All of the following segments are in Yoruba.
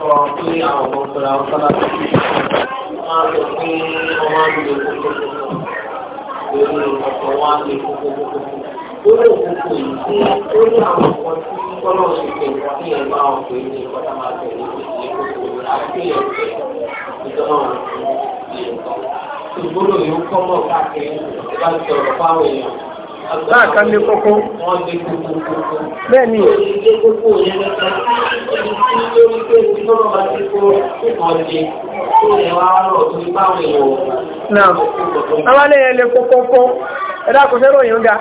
sọ pé àwọn ọmọ sọ̀rọ̀ àwọn sọ́lá tó ti máa sọ pé ọmọ àgbègbè kókókókó lórí ọ̀pọ̀ wọn àgbègbè kókókókó. lórí òkókó yìí tí ó ní àwọn ọmọ tí kọ́lọ́ ṣe pé nǹkan ní ẹ̀rọ àwọn òkè ní ìkọ́tà máa tẹ̀lé ìdílé kókó àti ẹ̀fẹ̀ ìjọba òkú ìdílé kan. ìgbóló yìí ń kọ́ mọ́ káàkiri ìbá sọ̀rọ̀ fáwọn èèyàn láàkà ní kókó. bẹ́ẹ̀ ni ti ń lé wípé ti lọ́rọ̀ bá ti kó kókò ọ̀jẹ̀ tó lè wá rọ̀ tó ní báwọn èèyàn. Náà, àwọn alẹ́ yẹn lè kókókó, ẹ̀dá kò fẹ́ ròyìn ga.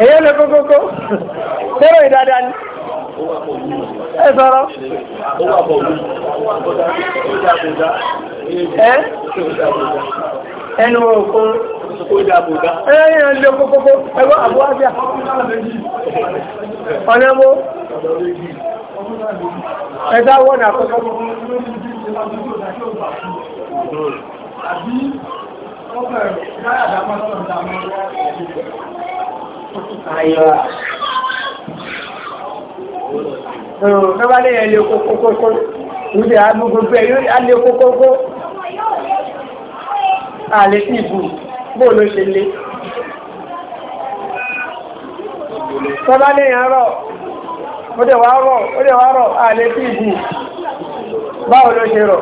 Èyí lè kókókó, fẹ́rọ̀ ìdáadáa ni. Ẹ sọ̀rọ̀. Ẹnu òkun Ẹ̀yìn lè kókókó, ẹgbọ́ àbúwájá. Ọ̀nà ẹ̀dá wọ́n ní àkọ́kọ́ Ọba lè ẹ̀lẹ́ kókókókó, ìrúdẹ̀ agbógbógbé alẹ́ kókókó, àlè sí ìbù, bóò ló ṣe lé. Ọba lè ẹ̀rọ ó wa rọ̀ ó dẹ̀ rọ̀ àlẹ́ tí ìdí báwo ló ṣe rọ̀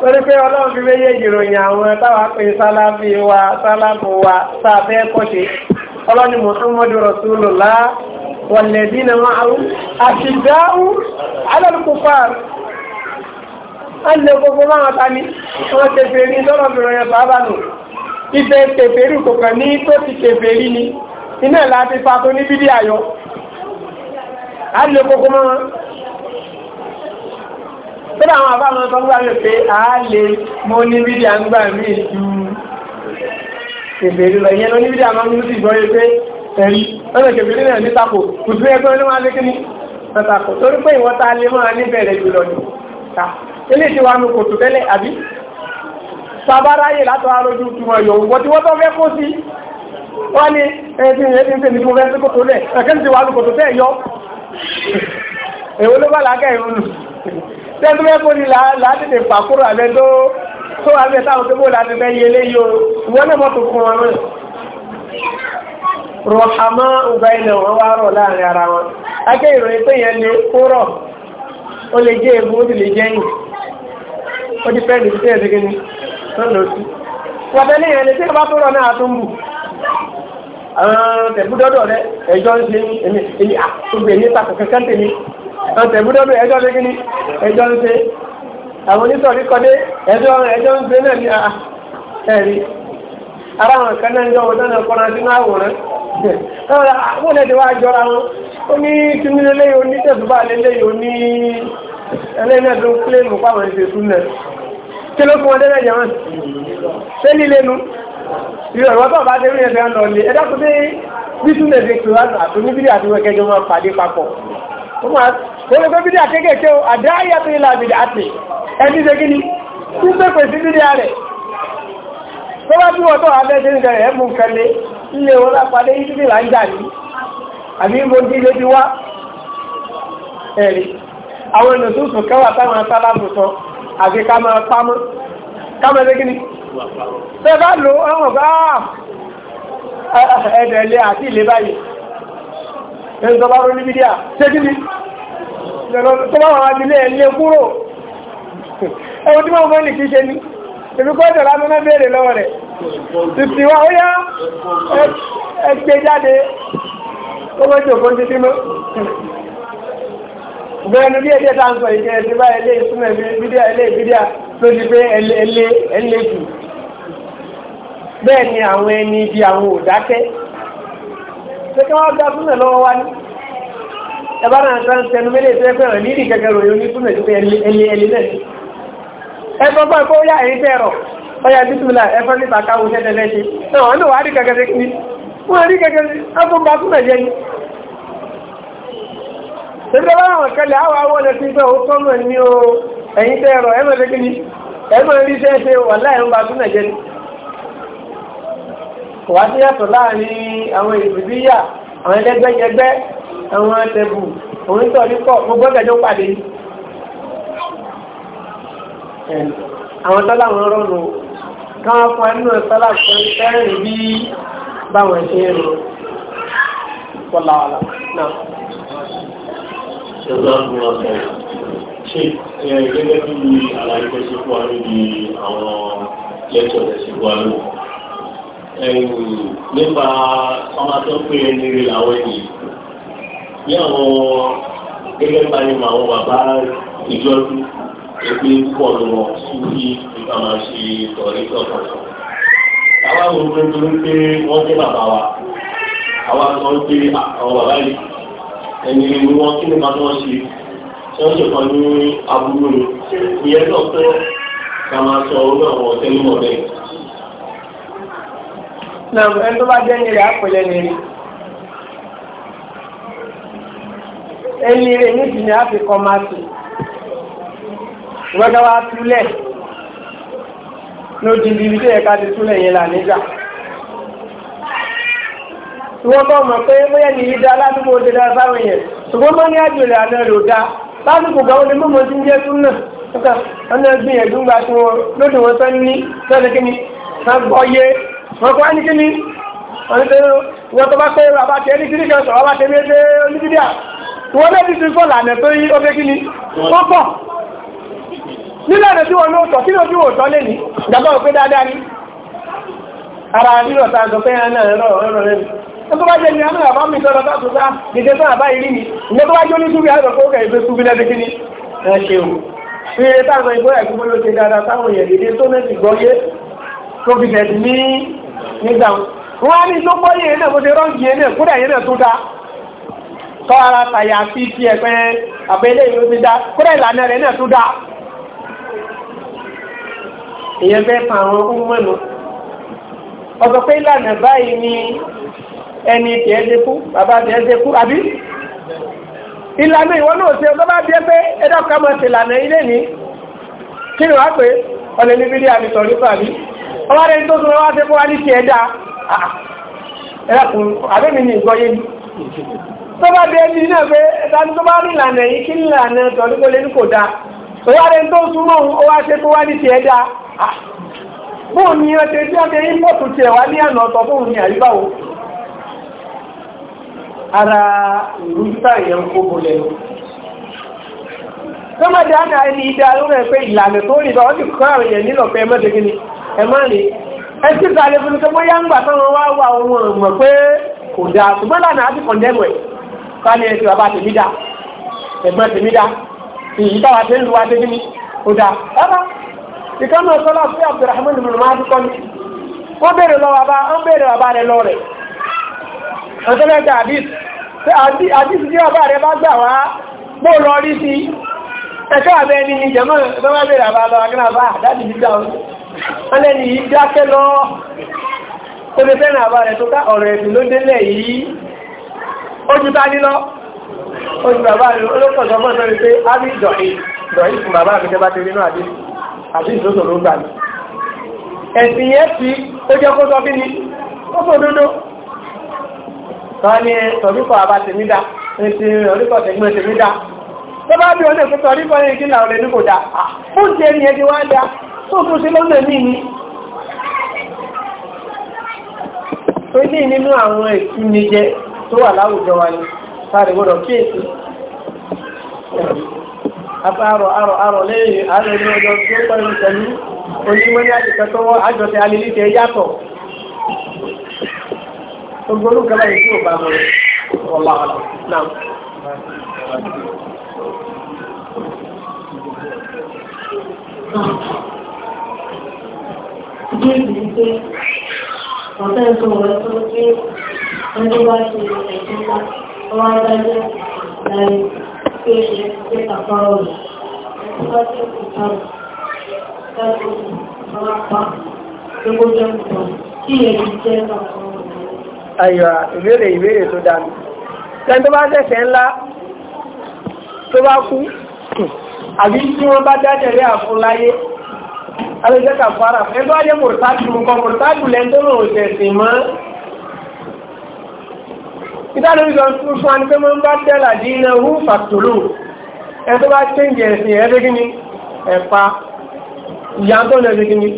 torí pé ọlọ́run fi méjì ìròyìn àwọn táwa pé sálábì wa sálábù wa sáfẹ́ kọ́ṣe ọlọ́ni Muhammadu Rasulullah walladina ma'ahu ashidda'u alẹ́ gbogbo máa ta ni wọ́n tẹ̀fẹ̀ ní bàbá nù tẹ̀fẹ̀ rí kòkàn ní tó ti tẹ̀fẹ̀ ni iná ìlà fa tó ní bídí á lè kókó mọ́ wọn tọ́lá àwọn àbámọ́ tó gbà mí pé á lè mọ́ ní bídíà ń gbà mí ju kèbèrè lọ ìyẹn lọ ní bídíà máa ń lùsì gbọ́ pé ẹ̀rí ọ̀nà kèbèrè náà ní tako kò sí ẹgbẹ́ ní máa lé kíní pàtàkì torí pé ìwọ́ta lè máa ní bẹ̀rẹ̀ jùlọ ní ta ilé ti wà nù kòtò tẹ́lẹ̀ àbí sabaráyè látọ̀ arójú túnmọ̀ yòó wọ́n tí wọ́n tọ́ fẹ́ kó ní kòtò lẹ̀ ẹ̀kẹ́ èwo ló bá làákẹ́ ìrún nù tẹ́tí bẹ́ẹ̀ kó ni làátìtì pàkúrò àbẹ́ tó tó àbẹ́ táwọn tó bó láti bẹ́ yé lé yóò ìwọ náà mọ́tò fún wọn náà rọ̀hámá ọgbà ilẹ̀ wọn wá rọ̀ láàrin ara wọn akẹ́ ìròyìn tó yẹn lè kó rọ̀ ó lè jẹ́ egbò ó sì lè jẹ́ yìn ó ti fẹ́ẹ́ lè fi tẹ́ẹ̀ àwọn tẹ̀gbúdọ́dọ̀ rẹ ẹjọ́ ń ṣe èmi àtúgbè ní pàtó kankan tèmi tẹ̀gbúdọ́dọ̀ ẹjọ́ ṣe kí ni ẹjọ́ ń ṣe àwọn onítọ̀rí kọ́dé ẹjọ́ ẹjọ́ ń ṣe náà ní ẹ̀rí kan náà ń ọdún náà kọ́ra sínú àwòrán àwọn ẹ̀dẹ̀ wá jọra wọn ó ní oní tẹ̀sùbà oní ẹlẹ́yìn náà ìrọ̀ ìwọ́n tó bá dé rí ẹ̀fẹ́ ọ̀nà ọ̀lẹ́ ẹ̀dá tó dé bísún lè fi kí wọ́n àti oníbídí àti wọn kẹjọ máa pàdé papọ̀ wọ́n máa wọ́n lè gbé bídí àkékèké o àdá ayàtò ilà àbìdí àti ẹni ṣe kíni tí pépè sí bídí rẹ̀ tó bá bí wọ́n tó wà bẹ́ẹ̀ sínú kẹrẹ̀ ẹ̀mú kẹlẹ̀ ilé wọn lápadé yìí bíbí là ń jà ní àbí mo ti lé ti wá ẹ̀rí àwọn ènìyàn tó sùn kẹwàá táwọn asálàbù sọ àfi ká máa pamọ́ ká máa lé tẹ bá lò ọmọ bá ah, ah, ah, ẹ̀dẹ̀lẹ̀ àti ilé báyìí ẹni tó bá rọ ní mídíà ṣé kí ni tó bá wà nílé ẹ̀lẹ́ kúrò ẹwọ́n tí wọ́n mọ́ ní kí ṣe ní ibi kọ́ ìjọba mọ́ náà béèrè lọ́wọ́ rẹ̀ títí wá ó yá ẹgbẹ́ jáde ó mọ́ tí òkú títí mọ́ bẹ́ẹ̀ni bí ẹgbẹ́ tá ń sọ ìgbẹ́ ẹ̀sìn bá ẹlé ìsúnmọ̀ ẹ̀lẹ́ ìbídíà ló ti pé ẹlé ẹlé ẹlé kù bẹ́ẹ̀ ni àwọn ẹni ibi àwọn òdákẹ́ pẹ́kẹ́ wọ́n dá súnmẹ̀ lọ́wọ́ wá ní ẹbá náà tán tẹnu mẹ́lẹ̀ tó ẹgbẹ́ rẹ̀ nídìí gẹ́gẹ́ ròyìn ní súnmẹ̀ tó ẹni ẹni náà ẹgbọ́n bọ́ ẹgbọ́ yá èyí tẹ́rọ ọya bísúmìlà ẹfọ́ nípa káwọn iṣẹ́ tẹ́lẹ́ ṣe náà wọ́n ní wàá rí gẹ́gẹ́ ní wọ́n rí gẹ́gẹ́ ní ọdún bá súnmẹ̀ jẹ́ ní ṣẹ́gbẹ́ bá wọn kẹlẹ̀ àwọn àwọn ọ̀nà tí ń bẹ́ ó tọ́nà ní o ẹ̀yìn tẹ́rọ ẹ̀mọ̀ kò wá sí yàtọ̀ láàrin àwọn ìbíyà àwọn ẹlẹ́gbẹ́jẹgbẹ́ àwọn ẹtẹ̀bù òun tọ̀ nípọ̀ gbogbo ẹ̀jọ́ pàdé àwọn tọ́lá wọn rọrùn káwọn fún ẹnu tọ́lá kan fẹ́rìn bí báwọn ṣe ń rọ pọ̀láwàlá náà ṣe gẹ́gẹ́ bí àlàyé tó fún wa níbi àwọn lẹ́tọ̀ọ̀ fún wa lóòrùn nípa ọmọ tó pé níbi làwọn ènìyàn ní àwọn gẹ́gẹ́ bá ní àwọn bàbá ìjọ́jú ẹgbẹ́ púpọ̀ ló wọ̀ síbi nípa máa ṣe ìtọ̀rí tọ̀tọ̀. Àwa wo ló ń dúró pé wọ́n jẹ́ bàbá wa? Àwa sọ pé àwọn bàbá yìí ẹni ni wọ́n kí ni máa tó wọ́n ṣe? Ṣé wọ́n ṣe kan ní abúlé Ìyẹn náà pé ká máa sọ orí àwọn ọ̀tẹ́lúmọ̀ bẹ́ẹ̀ náà ẹni tó bá jẹ́ ní rẹ̀ àpẹlẹ ní rẹ̀ níbi ni a fi kọ́ máa tù ìwọ́dá wa túlẹ̀ lójú ibi tí ẹ̀ka ti túlẹ̀ yẹn là níjà ìwọ́n bá mọ̀ pé bóyá ní ìdá aládùúgbò ó dédá sáwọn yẹn ṣùgbọ́n mọ́ ní àjòlè àná rẹ̀ ò dá lásìkò gbà wọlé mọ́mọ́ tí ń jẹ́ tún náà nígbà wọn náà gbìyànjú gbà tí wọn lóde wọn sọ ní sọ́dọ̀ kí wọ́n kọ́ ní kíní wọ́n tẹ́ wọ́n tó bá pé bàbá tẹ́ ní kíní kan sọ̀rọ̀ bá tẹ́ méje oníbídíà wọ́n lè ti fọ́ lànà tó yí ó fẹ́ kíní wọ́n pọ̀ nílànà tí wọ́n ló tọ̀ kí ló fi wò tọ́ lé ní ìjàmbá òpé dáadáa ní ara rírọ̀ ta sọ pé ẹ̀rọ ẹ̀rọ ẹ̀rọ rẹ̀ tó bá jẹ́ ní àmì àbá mi sọ̀rọ̀ tó sọ́sá dìde tó àbá ìrí ni ìgbẹ́ tó bá jẹ́ oníṣúbí àìsàn tó kẹ̀ ìgbé súbí lẹ́bí kíní ẹ ṣeun fi ire táwọn ìgbóyà ìgbóyà ló ṣe dáadáa táwọn èèyàn dìde tó mẹ́sì gbọ́yé tó fi tẹ̀sí ní nígbà wọn á ní ló gbọ́yé yẹn náà mo ṣe rọ́ǹgì yẹn náà kódà yẹn náà tó dá tọ́ ara tàyà fi ti ẹ̀pẹ́ àbẹ́lẹ̀ yìí ó ti dá kódà ìlànà rẹ̀ náà tó dá èyàn fẹ́ fa àwọn ohun mọ́nu ọ̀sọ̀ pé ìlànà báyìí ni ẹni tìẹ́ ṣe kú bàbá tìẹ́ ṣe kú àbí ìlànà ìwọ náà ṣe ọjọ́ bá bí ẹ pé ẹjọ́ ká ìlànà ilé ní kí ni wàá pé ọ̀lẹ́ ní bídí àbí ọwá rẹ̀ tó súnmọ́ wá tẹ́kọ́ wá ní ṣe ẹ̀dá ẹ̀rẹ́kùn àbẹ́mi ní ìgbọ́yé tó bá dé ní náà pé ẹ̀tàní tó bá ìlànà yìí kí ìlànà tọ̀lúkọ́ ní kò dáa ọwá rẹ̀ tó súnmọ́ wá tẹ́kọ́ wá ní ní tí wá ní àná ní àyíbáwò ara kó bolẹ̀ kọ́mọ̀dé àná ẹni ìdá lórí pé ìlànà tó rí bá wọ́n ti nílò pé ẹmọ́dé gíní ẹmọ́ rí fún ń gbà wá wà ohun ọ̀mọ̀ pé kò dáa kọ̀ndẹ́mù ẹ̀ bàbá ẹ̀gbọ́n rẹ̀ bá gbà wá bó lọ rí sí ẹ̀kọ́ àbẹ́ ẹni ni jẹ́mọ́ ìbẹ́wà bèèrè àbá lọ agbára àdájì jíjá wọn lẹ́ni yìí dákẹ́ lọ tó lè fẹ́ràn àbá rẹ̀ tó ká ọ̀rọ̀ ẹ̀sùn ló délẹ̀ yìí ó ju ta nílọ ó ju bàbá rẹ̀ olókọ̀ sọmọ́ sọ pé a rí dọ̀yìn dọ̀yìn fún bàbá mi tẹ́bá tẹ́lẹ̀ náà àti ìsòsò ló gbà mí ẹ̀sìn yẹn fi ó jẹ́ kó sọ kí ni ó fò tọ́bá bí o lè fún sọ nípa ní ìdílà ọ̀rẹ́ ní kò dá fún ti ẹni ẹni wá dá tó tún sí lọ́nà mí ni ó ní nínú àwọn tó wà láwùjọ wa ni sáré gbọ́dọ̀ kíyèsí apá àrọ̀ gbogbo Ìdí ìdí pé ọ̀tẹ́ ìṣòro rẹ̀ tó pé ẹjọ́ bá ṣe ẹ̀jọ́ ọwọ́ adájọ́ láì pé ẹ̀ pé àpá ọ̀rọ̀. Ẹjọ́ bá ṣe ìtàrù láti ọwọ́ apá gbogbo jẹ́ ìtàn kí ẹ̀jì jẹ́ àpá ọ̀rọ̀. ìbéèrè ìbéèrè tó dáa. Tẹ́ni tó bá ṣẹ̀ṣẹ̀ ńlá tó bá kú àbí tí wọ́n bá dájẹ̀lé àfúnláyé alẹ́jẹ́kà fara ẹgbẹ́ ajé mùrùtàjù nǹkan mùrùtàjù lẹ́ntọ́nà òṣèṣìn mọ́ ìdánilójú ọdún fún àní pé mọ́ ń bá tẹ́lá dí iná hú fàtòlù ẹgbẹ́ bá tẹ́ǹjẹ̀ ẹ̀sìn ẹgbẹ́ gíní ẹ̀pa ìyá tó lẹ́ gíní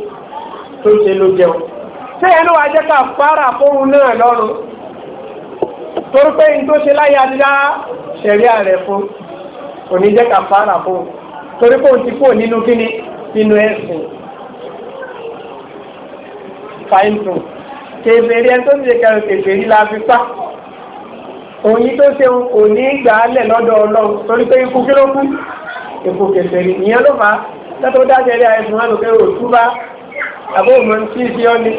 tó ṣe ló jẹun tí ẹnu wa jẹ́kà torí pé ní tó ṣe láyé adídá ṣẹ̀rí ààrẹ fún òní jẹ́kà fara fóun torí pé òun ti kúrò nínú kíni nínú ẹ̀sìn fàìntù kèbèrè ẹni tó ti lè kẹrù kèbèrè la fi pa òyìn tó ṣe kò ní gbà á lẹ̀ lọ́dọ̀ ọlọ́run torí pé ikú kí ló kú èkó kèbèrè ìyẹn ló fà á lọ́tọ̀ dájẹ́ rí àìsàn wọn lókè òtú bá àbó òmò ń tí sí ọ́ni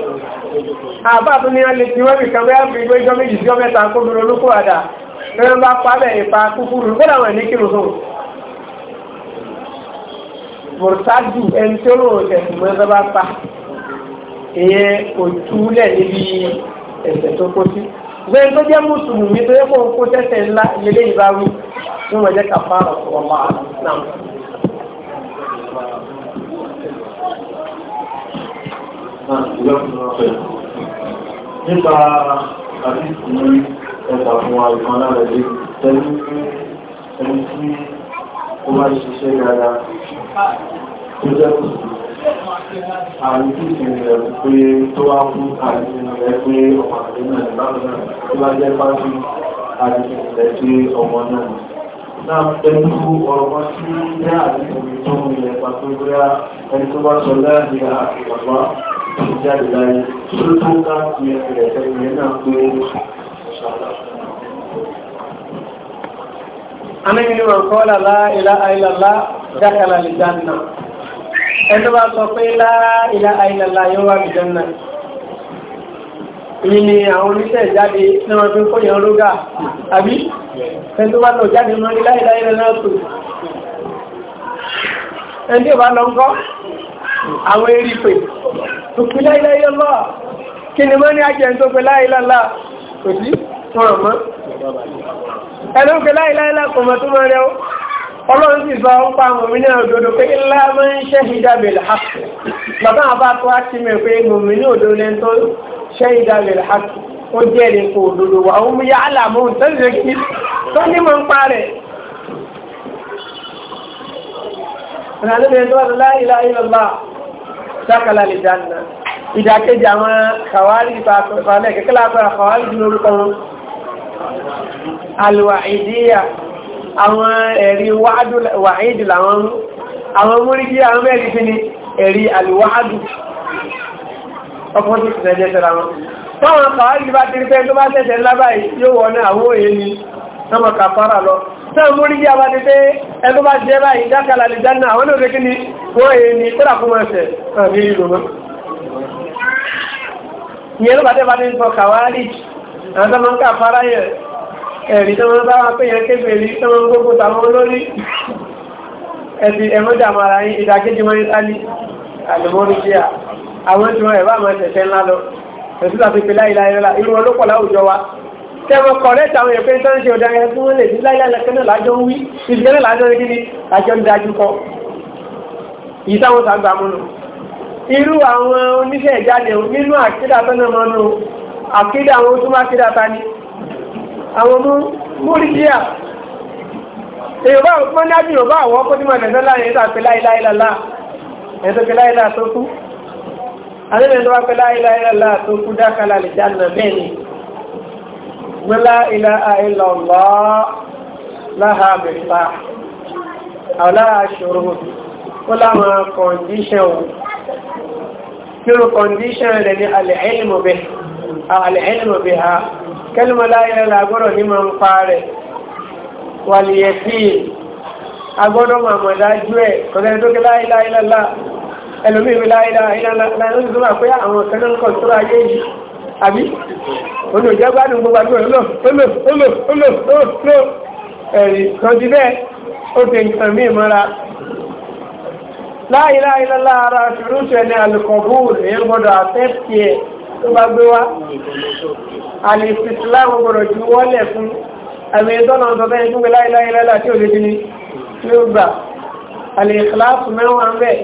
àbá tó ní alẹ́ tí wọ́n fi kan bẹ́ẹ̀ fi gbé jọ́ méjì sí ọ́ mẹ́ta kó dúró lókò àdá lọ́wọ́n bá pa bẹ́ẹ̀ ìpa kúkúrú kó làwọn ẹ̀ ní kírun sóhùn mọ̀tádù ẹni tó lò ẹ̀sùn mẹ́ta bá pa ìyẹn kò túlẹ̀ níbi ẹ̀sẹ̀ tó kó sí gbẹ́n tó jẹ́ mùsùlùmí tó yẹ kó ń kó tẹ́tẹ̀ ńlá lélẹ́ ìbáwí ní wọ́n jẹ́ kàfá ọ̀pọ̀ ọmọ náà. nípa àdìsí ẹ̀ka fún wa ìkan lára ẹ̀dẹ́ tẹ́lú ẹni tí ó bá ṣiṣẹ́ dáadáa tó jẹ́ àìsí ìrìnlẹ̀ pé tó wá fún àìsí ìrìnlẹ̀ pé ọmọ àti náà ìbáwọn náà tó bá jẹ́ pàtí àìsí ìrìnlẹ̀ pé ọmọ náà náà pẹ̀lú ọ̀rọ̀ sí ilé àti ìrìn tó ń ilẹ̀ pàtó bóyá ẹni tó Amin ni wa qala la dákàlà lè dáná ẹni bá sọ pé láìlá àìlàlá yóò wà lùjọ́nà ìyí ni àwọn oníṣẹ́ ìjáde ní wọn fi ń kóyàn rógà àbí ẹni tó bá lọ jáde mọ́ ní láìlá àìlàlá tó ẹni tí ò bá lọ ń kọ́ àwọn eré pè òkú láìlá àìlàlá kí ni mọ́ ní ajẹ́ tó pé láìlá àìlàlá kò sí wọn mọ́ ẹni ó pé láìlá àìlàlá kò mọ́ tó mọ́ rẹ̀ ó ọlọ́run sì sọ ń pa àwọn òmìnira òdodo pé ńlá máa ń ṣẹ́hìdá bẹ̀rẹ̀ hàkù bàbá àbá tó á ti mẹ́ pé òmìnira òdodo lẹ́nu tó ṣẹ́hìdá bẹ̀rẹ̀ hàkù ó jẹ́rìí kò òdodo wà ó mú yá àlàmú tẹ́lẹ̀ kí tó ní mọ̀ ń pa rẹ̀. ìrànlẹ́bẹ̀rẹ̀ àwọn ẹ̀rí wàáìdì làwọn mú àwọn múríkí àwọn mẹ́rin fi ni ẹ̀rí àlùwáàdù ọkùnrin ti ṣẹ̀jẹ̀ tẹ̀ra wọn táwọn kàwárí bá ti rí pé tó bá tẹ̀sẹ̀ lábáyé yóò wọ́n ní àwọn òye ni náà mọ̀ kàfàrà lọ ni wọ́n èé ni kódà fún ẹsẹ̀ àmì ìlú mọ́ ìyẹn ló bá tẹ́ bá ẹ̀rí tó wọ́n bá wá pé yẹn kébè rí tó wọ́n gbogbo tàwọn olórí ẹ̀sì ẹ̀mọ́jà mara yí ìdákéjì mọ́ ìtàlì àlùmọ́rìkíà àwọn tí wọ́n ẹ̀bá máa tẹ̀tẹ̀ ńlá lọ ẹ̀sùn tàbí pé láìláì rẹ̀ irú wọn ló pọ̀ láwùjọ wa tẹ́wọ́ kọ̀rẹ́ tàwọn èèyàn pé tó ń ṣe ọ̀dà yẹn tí wọ́n lè ní láìláì lẹ́kẹ́nà lájọ ń wí ìdíkẹ́nà lájọ ń kíni lájọ ń dájú kọ yìí táwọn sàgbà mú nù irú àwọn oníṣẹ́ ìjáde nínú àkídà tó náà mọ́nú àkídà àwọn tó má kídà ta ni àwọn mú múrídíà èyàn bá ní ábìyàn bá àwọn ọkọ̀ tí máa dẹ̀dẹ̀ láàrin ẹ̀ta pé láìláìlàlá ẹ̀tọ́ pé láìlá tó kú alẹ́lẹ́ tó wá pé láìláìlàlá tó kú dákàlà lè jánà bẹ́ẹ̀ni gbọ́lá ilá àìlọ́lọ́ láha mẹ́fà àwọlá aṣòro ó láwọn kọ̀ǹdíṣàn ò nínú kọ̀ǹdíṣàn rẹ̀ ní alẹ́ ẹ̀lìmọ̀ ha kẹ́lùmọ́ láyé làgbọ́dọ̀ ní máa ń pa rẹ̀ wàlìyẹ̀ sí i agbọ́dọ̀ máa mọ̀ dájú ẹ̀ kọ́lẹ́ tó kí láyé láyé lọ́la ẹlòmíì mi láyé láyé lọ́la ń zúmà pé àwọn kan náà kàn tó ayé yìí àbí òun ò jẹ́ gbádùn gbogbo àdúgbò lò lò lò lò lò lò ẹ̀rì kan ti bẹ́ẹ̀ ó fi nǹkan mí mọ́ra láyé láyé lọ́la ara ṣùgbọ́n ṣẹ̀ ní alùkọ̀bù èèyàn gbọ́dọ̀ àfẹ́ tó bá gbé wá àlìsìsìláàmù gbọ́dọ̀ ju wọ́lẹ̀ fún àmì ìtọ́nà ọ̀tọ̀ bẹ́ẹ̀ tó gbé láìláìláìlá tí ò lè kíni ní ó gbà àlìsìláàmù mẹ́wàá ń bẹ̀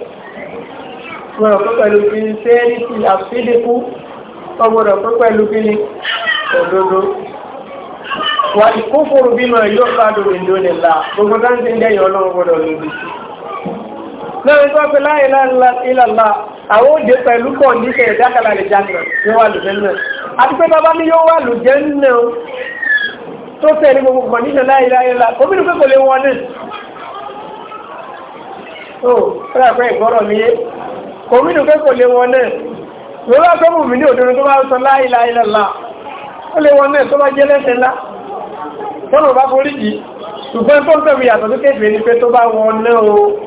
gbọ́dọ̀ pé pẹ̀lú kíni sẹ́ẹ̀rìtì àfídìkú ọgbọ́dọ̀ pé pẹ̀lú kíni òdodo wà ìkófòrò bímọ yóò bá dòdò ìdónìlá gbogbo táǹtì ń dẹ́yìn ọlọ́run gbọ́dọ̀ lòdì sí. náà ń láìláìlá àwọn òde pẹ̀lú pọ̀ ní ṣe ìdákàlà lè jáde ní wà lù jẹ́nà àti pé bàbá mi yóò wà lù jẹ́nà tó tẹ̀ ní gbogbo kan níṣẹ́ láyé láyé la kò bínú pé kò lè wọn náà ó rà pé ìgbọ́rọ̀ mi yé kò bínú pé kò lè wọn náà lórí àtọ́mù mi ní òdodo tó bá sọ láyé láyé lọ́la ó lè wọn náà tó bá jẹ́ lẹ́sẹ̀ ńlá tọ́nà bá forí jì ṣùgbọ́n tó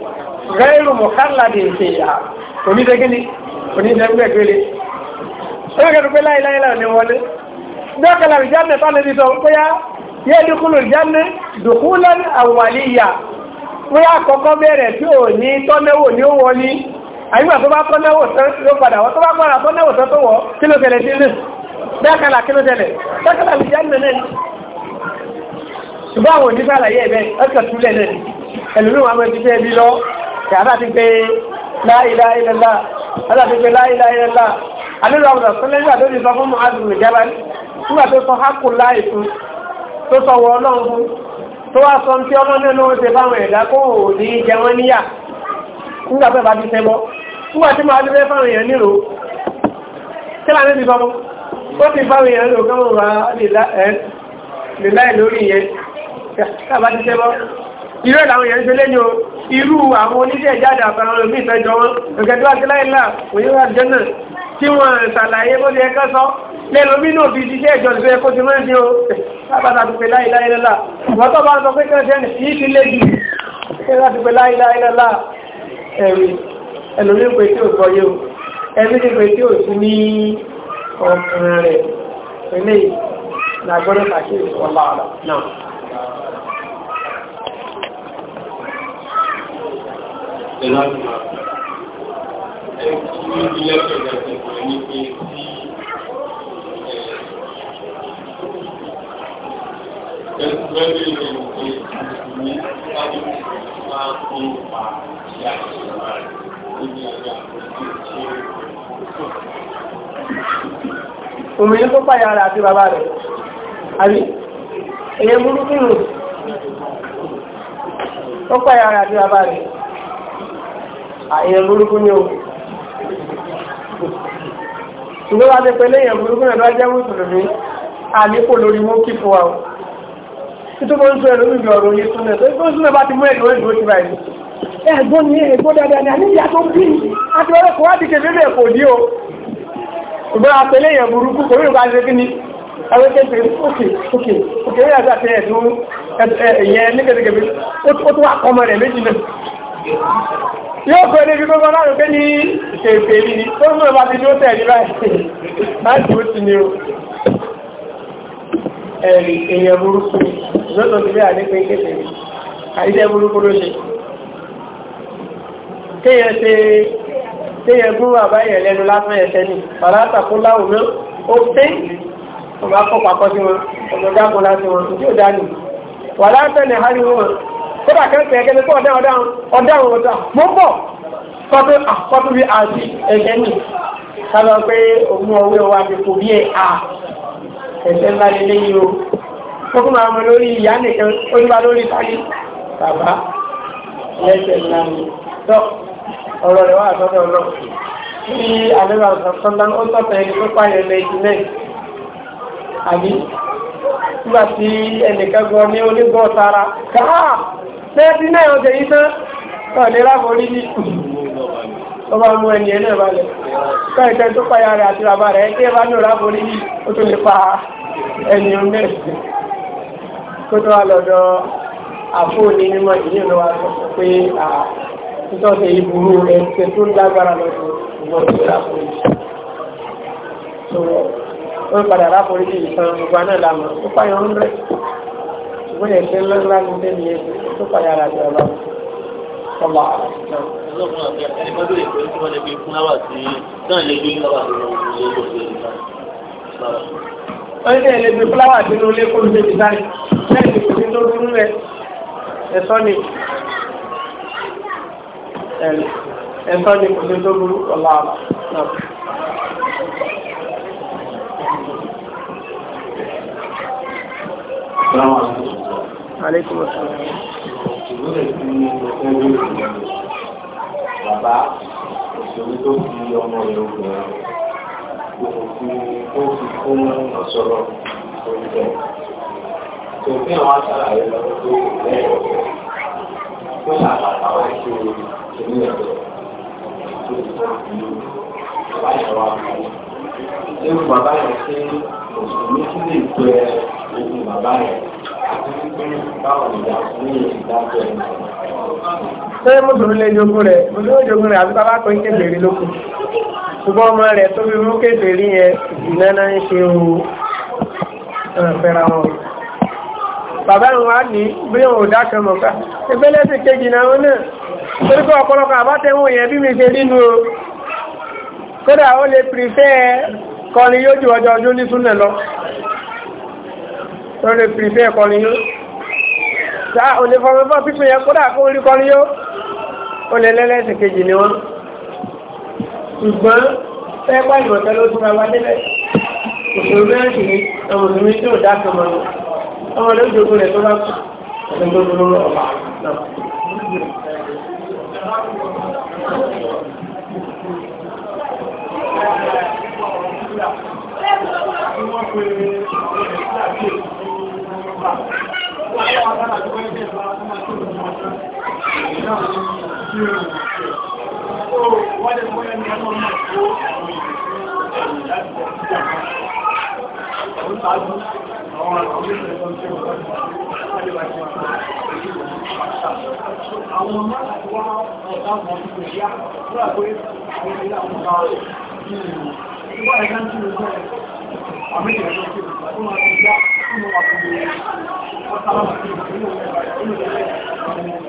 gẹ́rù mọ̀kànládé ya, ìyá onídẹ́gẹ́ni onídẹ́gbẹ́gbẹ́lé ọlọ́gẹ́dùgbé láìláìlá ní wọlé dọ́kàlà ìjáde tánà ti sọ pẹ́yà yé dúkúlù ìjáde dùkúlẹ̀ àwàlíyà pẹ́yà kọ́kọ́ bẹ̀rẹ̀ tí ò ní tọ́nẹ́wò ní ó wọlé àyíwá tó bá tọ́nẹ́wò tó padà wọ́n tó bá padà tọ́nẹ́wò tó tó wọ́ kí ló tẹ̀lé sí náà dọ́kàlà kí ló tẹ̀lé dọ́kàlà ìjáde náà ṣùgbọ́n àwọn òní àdáti pé láìlá ilẹ̀lá àdáti pé láìlá ilẹ̀lá àlejò àwọn ọ̀sán lẹ́yìn àdóbi sọ fún muhammadu nìjábá nígbà tó sọ hákù láì fún tó sọ wọ ọlọ́run fún tó wá sọ tí ọmọ náà ló ń ṣe báwọn ẹ̀dá kó ò ní jẹ wọ́n níyà nígbà tó bá ti fẹ́ bọ́ nígbà tí màá dúpẹ́ fáwọn èèyàn nílò kí láti ti sọmọ ó ti irú làwọn èèyàn ṣe lẹ́yìn o irú àwọn oníṣẹ́ ìjáde àfẹ́ràn omi ìfẹ́jọ wọn ògẹ̀dẹ̀ wá òyìnbá jẹ́nà tí wọ́n ṣàlàyé bó ṣe ẹ̀kọ́ sọ lẹ́nu omi náà fi ṣiṣẹ́ ìjọ ìfẹ́ kó ti máa o lábàtà tó pe láìláìlá wọ́n tó bá ń sọ pé kẹ́kẹ́ yìí ti lé jù ṣé láti pe láìláìlá náà ṣe láti máa ẹ̀ kí ilé ẹ̀kọ́ ìgbàgbọ́ ìgbàgbọ́ ní pé tí ẹgbẹ́rẹ́ ilẹ̀ ìgbẹ́ ní láti máa fún pa ṣe àṣìṣe rẹ̀ níbi ẹ̀yà àti ṣe òmìnir tó pàyà rẹ̀ àti bàbá rẹ̀ àbí èyẹ burúkú nù ó pàyà rẹ̀ àti bàbá rẹ̀ àyẹ̀ burúkú ni o ṣùgbọ́n wá ti pẹ̀lẹ́ èèyàn burúkú náà lọ́jẹ́ mùsùlùmí àníkò lórí mú kí fún wa o títí mo ń sọ ẹ̀rọ níbi ọ̀rọ̀ yìí súnlẹ̀ tó ń súnlẹ̀ bá ti mú ẹ̀rọ ìdúró ti báyìí ẹ̀gbọ́n ni ẹ̀gbọ́n dáadáa ni àníyà tó ń bí àti ọ̀rọ̀ kò wá di kébébè kò dí o ṣùgbọ́n wá pẹ̀lẹ́ èèyàn burúkú kò rí ìgbà ṣe kí ni àwọn kékeré òkè òkè òkè ó yà yóò kọ́ ní gbogbo aláàrùn pé ní ìṣèpè rí ni tó mú ọba ti ní ó tẹ̀lé báyìí láti ó ti ní o ẹ̀rì èèyàn burúkú lọ́tọ̀ ti bí àdékò ìkéfè rí àìsẹ́ burúkú ló ṣe kéèyàn ṣe kéèyàn gún àbáyẹ̀ lẹ́nu lásán ẹ̀ṣẹ́ ni ọ̀làtà kó láwùmí ó pé ọba kọ́ pàkọ́ sí wọn ọmọdé àkọlá sí wọn tí ó dání wà látẹ̀ ní hariwo kódà kẹ́ńtẹ̀ ẹ̀kẹ́ni tó ọ̀dá ọ̀dá ọ̀dá ọ̀dá mo ń bọ̀ kọ́tù àkọ́tù bí àti ẹ̀jẹ̀ nì sábà pé òun ọwọ́ ẹwà ti kò bí ẹ̀ à ẹ̀jẹ̀ ńlá lélẹ́ yìí o tó kún máa mọ lórí ìyá nìkan ó ní bá lórí sáyé bàbá lẹ́sẹ̀ ńlá mi tó ọ̀rọ̀ rẹ̀ wà sọ́dọ̀ lọ ní àlẹ́wà sọ́dọ̀ ó tọ̀tọ̀ ẹni tó pààyàn lẹ́yìn náà àbí nígbà tí ẹnìkan gan ní onígbọ̀ sára káà tẹ́ẹ̀tì náà ó jẹ yí tán ọ̀lẹ́ láforí ní ọba mú ẹni ẹ̀ náà balẹ̀ kọ́ ìtẹ́ tó pàyà rẹ̀ àti bàbá rẹ̀ tí ẹ bá ní láforí ní ó tó lè pa ẹni ọ̀nẹ́ kó tó wà lọ́dọ̀ àfóòní mímọ́ ìyẹn ló wà sọ pé títọ́sẹ̀ yìí burú ẹ̀ṣẹ̀ tó lágbára lọ́dọ̀ ìwọ̀n ṣùgbọ́n yẹn ṣe ńláńlá ní lẹ́nu yẹn tó padà rà jọ lọ. ọlọ onílé ẹlẹgbẹ́ fúláwà sínú ilé kó lóde ti báyìí lẹ́yìn tó ti tó dúró rẹ ẹsọ ni ẹsọ ni kò ti tó dúró ọlọ àlọ náà. Gracias aleykum assalam. bàbá òṣèlú tó fi ọmọ rẹ̀ obìnrin òfin ó fi fún ọ̀ṣọ́rọ̀ tó ń bẹ̀. òfin àwọn aṣàlàyé lọ́wọ́ tó kò bẹ́ẹ̀ ọ̀rọ̀ tó ṣàpàtà ọ̀rọ̀ tó ṣèlú ẹ̀dọ̀ tó ti tọ́ ìlú bàbá yẹn wá fún un. ṣé bàbá yẹn ṣe òṣèlú tún lè jẹ ogun bàbá yẹn? ṣé mùsùlùmí lè jogún rẹ̀ mùsùlùmí jogún rẹ̀ àti bàbá kan kébèrè lókun ṣùgbọ́n ọmọ rẹ̀ tó fi mú kébèrè yẹn ìnáná ń ṣe o fẹ́ra wọn bàbá ń wá ní bí wọn ò dákan mọ̀ ká ìgbélé sì kejì náà wọn náà torí pé ọ̀pọ̀lọpọ̀ àbátẹ́wọ̀n yẹn bí mi ṣe nínú o kódà ó lè pìrìfẹ́ kọrin yóò ju ọjọ́ ọdún ní súnà lọ tó lè fi ìfẹ́ ẹ̀kọ́ ni yó tá ò lè fọmọ fún pípín yẹn kódà fún orí kọ́ ni yó ó lè lẹ́lẹ́sìn kejì ni wọ́n ṣùgbọ́n fẹ́ pàdé ọ̀tẹ́ ló tún ra wá délẹ̀ òṣèlú bẹ́ẹ̀ sì ni ọmọ mi tí ò dá kan mọ́ ọmọ lójoojúmọ́ rẹ̀ tó bá kú ọ̀sẹ̀ tó dúró ọ̀pá náà. Àwọn ọmọ láti wá ọ̀dá wọn ní kò yá, lọ́wọ́ pé àwọn ilé àwọn ọmọ ìrìnà. Ìwọ́ ẹ̀dá ń tí ó mọ́ ẹ̀. Àmì ìrìnà tó kí ó máa ti yá, ó mọ́ wà fún mi. Wọ́n sábà máa ti ìrìnà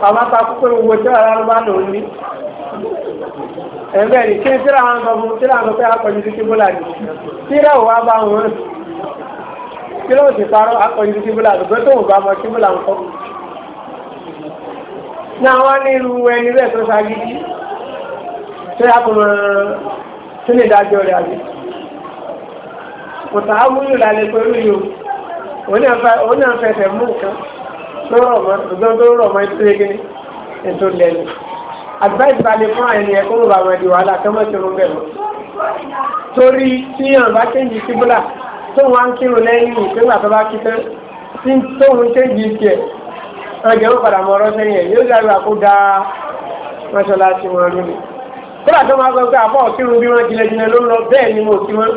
Bàbá takú pé gbogbo tí ara ló bá lò ó ní. Ẹ̀bẹ̀ ni kí tíra àwọn ọmọ tíra àwọn pé akọ̀jú sí kíbólà ni. Tíra ò wá bá wọn. Tíra ò sì parọ́ akọ̀jú sí kíbólà lùgbẹ́ tó ò bá mọ kíbólà ń kọ́. Ní àwọn ní irú ẹni bẹ́ẹ̀ tó ṣagídí. Tíra kò mọ̀ tí lè dájọ́ rẹ̀ àbí. Kò tàá wúlò lálẹ́ pẹ̀lú yòó òun náà fẹsẹ̀ mú nǹkan tó rọ̀ mọ́ ọgbọ́n tó rọ̀ mọ́ ìtúlẹ̀ kí ni ètò lẹ́nu advice balẹ̀ fún àyẹ̀ni ẹ̀kọ́ ló bá wọn di wàhálà kí wọ́n ti rún bẹ̀ mọ́ torí tí yàn bá kéjì síbúlà tó wọn ń kírun lẹ́yìn ìpínlẹ̀ tó bá kí tán tí tóun kéjì tiẹ̀ ọjà ń padà mọ́ ọ̀rọ̀ sẹ́yìn ẹ̀ yóò dàgbà kó da mọ́ṣáláṣí wọn lónìí kódà tó máa gbọ́ pé àbọ̀ kírun bí wọ́n jìnnà jìnnà ló ń lọ bẹ́ẹ̀ ni mo kí wọn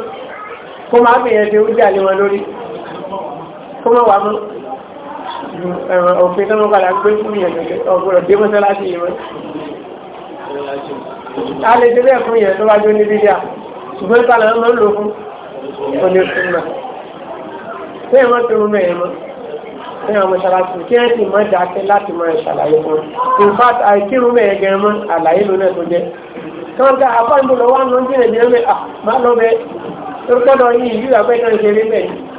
kó máa gbìyànjú ó jà lé wọn lórí kó mọ́ wà mú òfin tó mọ́ padà gbé fún yẹn ọ̀gbọ̀rọ̀ dé mọ́sálásí yìí mọ́ a lè dé bẹ́ẹ̀ fún yẹn tó bá jó ní bídíà ṣùgbọ́n nípa làwọn máa ń lò fún òní fún mà bẹ́ẹ̀ mọ́ tó mẹ́ẹ̀ mọ́ ní àwọn mọ́ṣáláṣí kí ẹ́ sì mọ́ dákẹ́ láti mọ́ ìṣàlàyé fún in fact àìkírun mẹ́ẹ̀ gẹ̀ẹ́ mọ́ àlàyé lónà tó jẹ́ kọ́ńtà àpá ìbùdó wà lóúnjẹ́ ìjẹ́ mẹ́ à má lọ bẹ́ẹ̀ tó kọ́dọ̀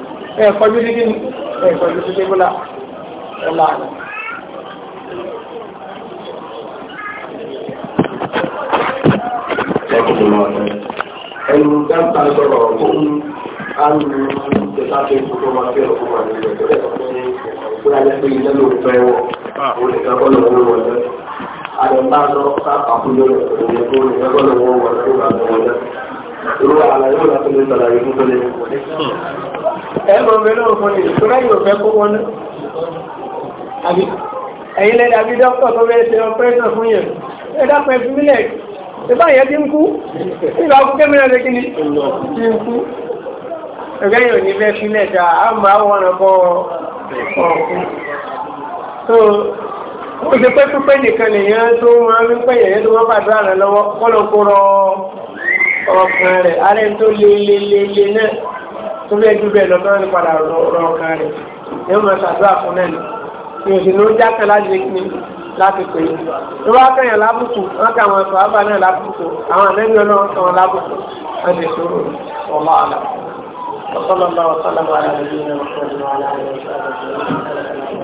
ẹ kọjú sí kíni ẹ kọjú sí kébùlà ọ̀la àná. ẹnu dáńtà sọ̀rọ̀ ọ̀hún àmì ìjọba tó ń kókó máa fi ọ̀pọ̀ máa nílò ìjọba tó ń kó ayé pé ilé ló fẹ́ wọ̀ òun nìkan kọ́ lọ́wọ́ wọn lẹ́ àdàbà lọ ká àkúnyọ òun nìkan kọ́ lọ́wọ́ wọn lẹ́ tó bá lọ́wọ́ lẹ́ irú àlàyé wọn láti lè sàlàyé fún tó lé ẹ̀rọ mẹ́lọ́ fún ni ìtura yóò fẹ́ kó wọn náà ẹ̀yin lẹ́dà bí dókítà tó bẹ́ẹ̀ ṣe ọpẹ́rẹ́sọ̀ fún yẹn ẹ̀dá pẹ̀ fún mílẹ̀ ìbá yẹn ti ń kú ìgbà kú kẹ́mìíràn lè kíni ti ń kú ẹ̀gẹ́ yóò ní bẹ́ẹ̀ fílẹ̀ ta á máa wọ́n rẹ̀ bọ́ ọ̀kú so ó ṣe pé pípẹ́ nìkan nìyẹn tó máa ń pẹ́ yẹn tó wọ́n bàdúrà rẹ̀ lọ́wọ́ kọ́lọ́kọ́rọ́ ọkàn rẹ̀ arẹ́ tó lé lé lé náà tó bẹ́ẹ̀ ju bẹ́ẹ̀ lọ tó ń padà rọ ọkàn rẹ̀ yóò máa ṣàdúrà fún náà ni ìròyìn ló ń jákè láti ní láti pè é tó bá kẹyàn lábùkù wọn kà wọn sọ ábà náà lábùkù àwọn àlẹ́bí ọlọ́run sọ wọn lábùkù wọn ti sọ̀rọ̀ ọmọ àlà وصلى الله وسلم على نبينا محمد وعلى